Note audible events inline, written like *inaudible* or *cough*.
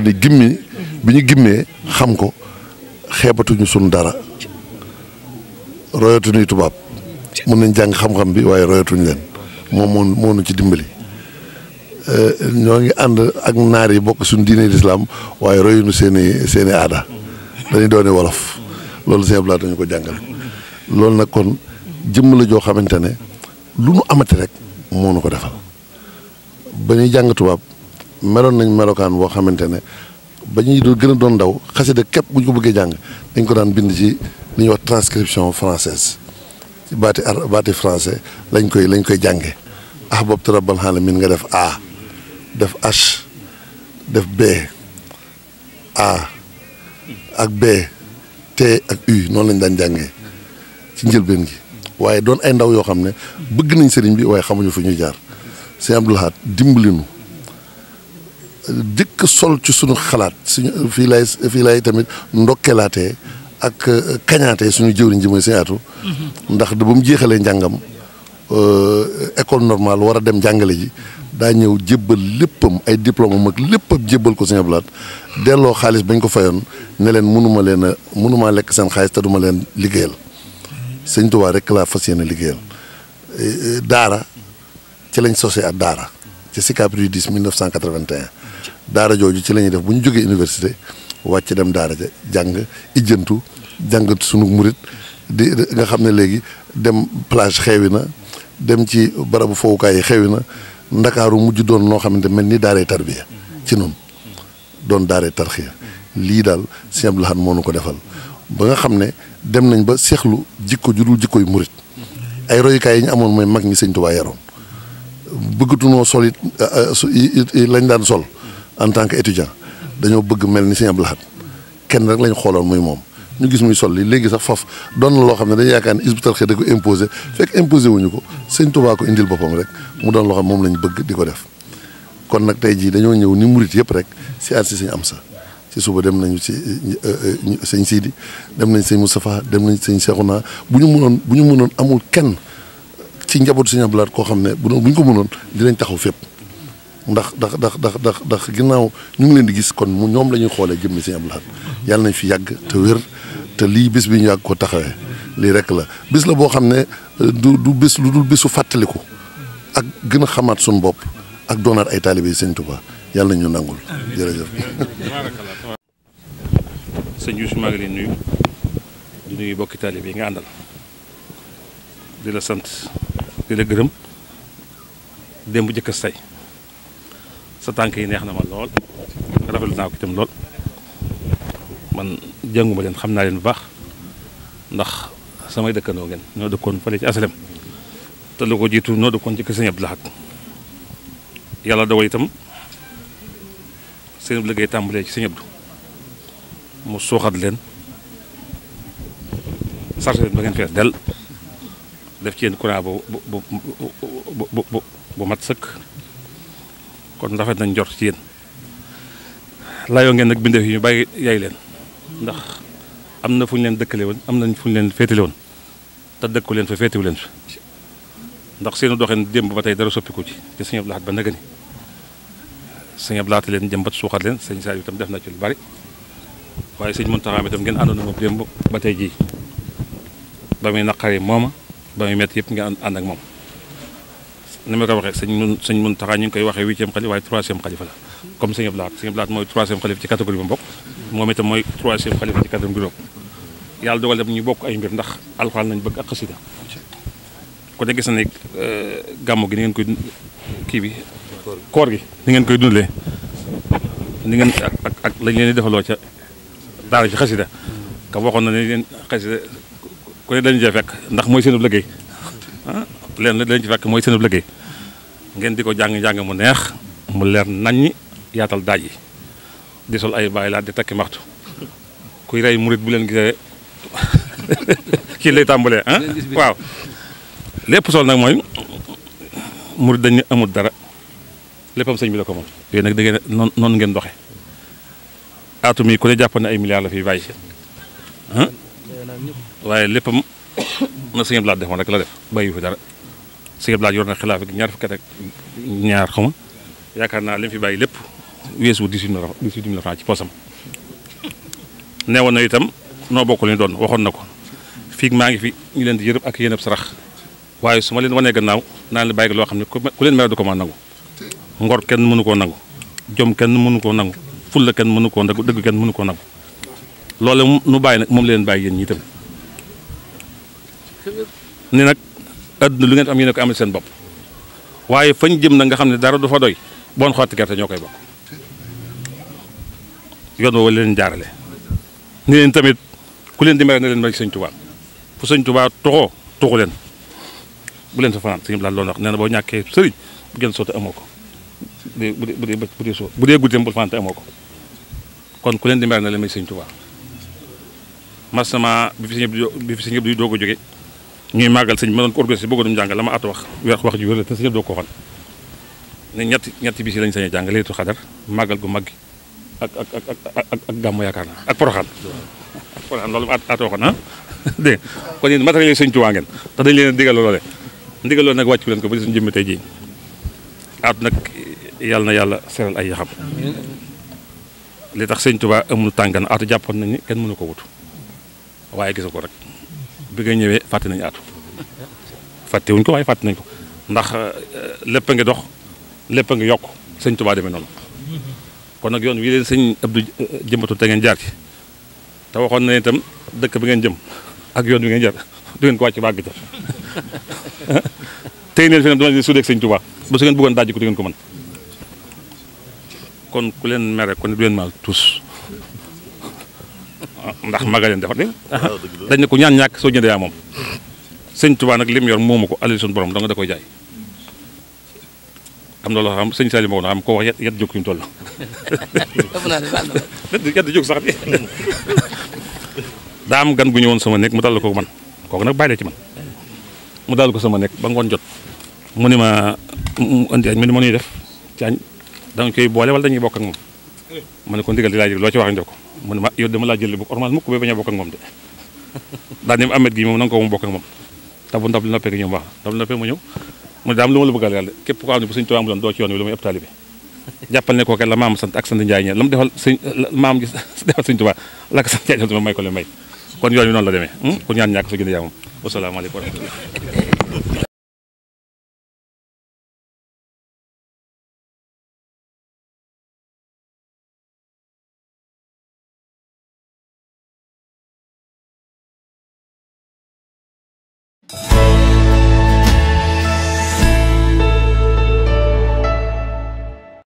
ba gimmi bi ñu gimmee xam ko xeebatuñu suñ dara royatu royatuñuy tubaab mën nañ jàng xam-xam bi waaye royatuñu leen moom moo moo nu ci dimbali euh, ñoo ngi ànd ak naar bokk suñu diine lislaam waaye royuñu seen i seen i aada dañuy doone wolof loolu seen blaa dañu ko jàngal loolu nag kon jëmm la joo xamante ne lu nu amati rek moo nu ko defal ba ñuy jàng tubaab meloon nañ melokaan boo xamante ne ba ñuy doon gën a doon ndaw xasida képp bu ñu ko bëggee jàng dañ ko daan bind ci li ñuy wax transcription française ci baati ar baati français lañ koy lañ koy jànge ah boobu tarabal alamin nga def A def H def B A ak B T ak U noonu lañ daan jànge ci njëlbeen gi waaye doon ay ndaw yoo xam ne bëgg nañ sëriñ bi waaye xamuñu fu ñuy jaar sëñ Abdou Lahad dimbalinu dikk sol ci suñu xalaat suñu fii lay fii lay tamit ndokkeelaatee ak euh, kañaatee suñu jëwriñ ji mooy mm-hmm. ndax ba mu jeexalee njàngam euh, école normale war a dem jàngale ji daa ñëw jébbal léppam ay diplôme am ak ko Sëñ Abdu Lahat xaalis bañ ko fayoon ne leen mënuma leen mënumaa lekk seen xaalis leen liggéeyal Sëñ rek laa fas yéene liggéeyal euh, daara ci lañ sosee ak daara ci Sicap Rue 10 1981 daara jooju ci la ñuy def bu ñu jógee université wàcc dem daara ja jàng ijjantu jàngat sunu murit di nga xam ne léegi dem plage xewi na dem ci barabu fowukaay yi xewi na ndakaaru mujj doon noo xamante mel ni daaree tarbiya ci noonu doon daaree tarxiya lii daal Sëñ Abdul Ahad moo nu ko defal ba nga xam ne dem nañ ba seexlu jikko ju dul jikko yu murit ay royukaay yi ñu amoon mooy mag ñi Sëñ Tuubaa yaroon bëggatunoo sol it euh, euh, lañ daan sol en tant que étudiant dañoo bëgg mel ni Sëñ Abdou Lahad kenn rek lañ xooloon muy moom ñu gis muy sol li léegi sax faf doon na loo xam ne dañu yaakaar ne Hizbut Tarqiyyah da ko imposé fekk imposé wuñu ko Sëñ Tuubaa ko indil boppam rek mu doon loo xam moom lañ bëgg di ko def kon nag tey jii dañoo ñëw ni murit yëpp rek si aar si am sax si suba dem nañu si euh, sëñ Sidi dem nañ sëñ Moustapha dem nañ sëñ Cheikhouna bu ñu mënoon bu ñu mënoon amul kenn ci njaboot Sëñ Abdu koo xam ne bu ñu ko mënoon dinañ taxaw fépp ndax ndax ndax ginnaaw ñu ngi leen di gis kon mu ñoom lañuy ñuy xoolee jëmmi Sëñ Abdu Lahat yàlla nañ fi yàgg te wér te lii bis bi ñu yàgg ko taxawee lii rek la bis la boo xam ne euh, du du bis lu dul bisu fàttaliku ak gën a xamaat suñu bopp ak doonaat ay taalibe Sëñ Tuubaa yàlla nañ ñu nangul jërëjëf. sëñ Youssou maa ngi yi nga àndal di sant. di gërëm démb jëkk say sa tànk yi neex na ma lool rafetlu ko itam lool man jànguma leen xam naa leen bu baax ndax samay dëkkandoo ngeen ñoo dëkkoon fële ci asalem te lu ko jiitu noo dëkkoon jëkk kër Sëñ Abdou yàlla dawal itam seen liggéey tàmbalee ci Sëñ Abdou mu suuxat leen sarse leen ba ngeen fees del def ci yéen courant bu bu bu bu bu mat sëkk kon rafet nañ jot ci yéen layoo ngeen nag bindeef yi ñu bàyyi yay leen ndax am na fu ñu leen dëkkale woon am nañ fu ñu leen féetale woon te dëkku leen fa féetewu leen fa ndax seenu doxin démb ba tey dara soppiku ci te sëñ Abdou ba nagani sëñ Abdou leen jëmbat suuxat leen sëñ yi tam def nañ ci lu bari waaye sëñ Mountakha itam ngeen àndoon na moom démb ba tey jii ba muy naqari mooma ba muy métti yëpp nga ànd ak moom ni ma ko waxee sëñ mun taxaa ñu ngi koy waxee huitième xalifa waaye troisième xalifa la comme sëñ Abdou Lahad sëñ mooy troisième xalifa ci catégorie bu mbokk moom itam mooy troisième xalifa ci catégorie bu yàlla ñu bokk ay mbir ndax alxuraan nañ bëgg ko te gis na ne euh, ngeen koy kii bi koor gi ni ngeen koy dundalee ni ngeen ak ak lañ leen di defaloo ca daara ci xasida ka waxoon na ne leen xasida ku ne dañu cee fekk ndax mooy seen liggéey ah leen dañu fekk mooy seen liggéey ngeen di ko jàng-jàng mu neex mu leer naññi yaatal daaj yi di sol ay bàyyi laa di takki maxtu kuy rey murit bu leen gisee *laughs* kii lay tàmbalee ah? waaw lépp sol nag mooy murit dañu amul dara léppam sëñ bi la ko moom yooyu nag da ngeen noon noonu ngeen doxe atum yi ku ne jàpp ay milliards la fiy bàyyi ah? waaye léppam *coughs* na sëñ Abdoulaye defoon rek la def bàyyi fi dara sëñ Abdoulaye yor na xilaaf ak ñaar fukki at ñaar xaw yaakaar naa li fi bàyyi lépp weesu dix-huit mille dix-huit mille francs ci poosam neewoon na itam noo bokk li ñu doon waxoon na ko fii maa ngi fi ñu leen di yërëb ak yéen ab sarax waaye su ma leen wanee gannaaw naa leen bàyyi loo xam ne ku leen mere du ko mën nangu ngor kenn mënu koo nangu jom kenn mënu koo nangu fulla kenn mënu koo nangu dëgg kenn mënu koo nangu loolu nu bàyyi nag moom leen bàyyi yéen ñi itam ni nag àdduna lu ngeen am yéen a seen bopp waaye fañ jëm na nga xam ne dara du fa doy bon xotti gerte ñoo koy bokk yoon woo leen jaarale ni leen tamit ku leen di mere na leen mel ci sëñ fu sëñ Tuubaa tuxoo tuxu leen bu leen fa fanaan sëñ bi daal loolu wax nee boo ñàkkee sëriñ bu gën sotti amoo ko bu dee bu dee bu dee bu dee guddeem fanaan te amoo ko kon ku leen di mere na leen mel ci sëñ masama bi fi sëñ bi fi sëñ bi doog jóge ñuy màggal sëñ ma doon ko organisé bëggoon jàngal la ma at wax wax wax ji wér la te sëñ doo ko waxoon ne ñetti ñetti bis yi lañ sañ xadar màggal gu mag ak ak ak ak ak gàmmu yaakaar naa ak poroxaan ak poroxaan loolu at at waxoon ah *laughs* dañ leen a digal loole ndigal loolu ko ba di at nag yàlla na yàlla seral ay yaxam li tax sëñ Tuubaa amul tàngan atu jàppoon nañ ni kenn mënu ko wut waaye gisa ko rek bi nga ñëwee fàtte nañ aatu fàtte wuñ ko waaye fàtte nañ ko ndax euh, lépp a ngi dox lépp a ngi yokk sëñ Tuubaa demee noonu kon nag yoon wii leen sëñ Abdou euh, jëmbatu te ngeen jaar ci te waxoon na itam dëkk bi ngeen jëm ak yoon bi ngeen jaar du ngeen ko wàcc bàgg ca *laughs* tey neen fi ne dama leen suudeeg sëñ Tuubaa ba su ngeen bëggoon dajji ko du ngeen ko mën kon ku leen mere kon du leen maal tous ndax maga leen defar ni ah, ah. dañ ne ko ñaan ñàkk soo jëndee yaa moom sëñ Tuubaa nag lim yor moomu ko alal suñu borom da nga da koy jaay am na loo xam sëñ Salim Maodo xam ko wax yat jóg jóg sax bi gan gu ñëwoon sama nekk mu dal ko man kook nag bàyyi la ci man mu dal ko sama nekk ba ngoon jot mu ne ma mu andi añ mu ne ma nuy def ci añ koy boole wala dañuy bokk ak ma ne ko ndigal di laa jël loo ci wax njokk mu ne ma yow dama laa jël bu ormal mukk ba bañ a moom de daal ne amet gi moom nanga ko moom bokk moom ta bu ndab li noppee gi ñëw baax ndab li noppee mu ñëw mu lu ma la bëggal yàlla képp ko xam ne bu sëñ Tuubaa amuloon doo ci yoon wi lu muy ab jàppal ne kooke la maam sant ak sant Njaay ñe la mu defal sëñ maam gi *laughs* defal sëñ Tuubaa la ko may ko le may kon yoon wi noonu la demee hmm? kon ñaan ñàkk su gën a yaa moom wasalaamaaleykum wa rahmatullah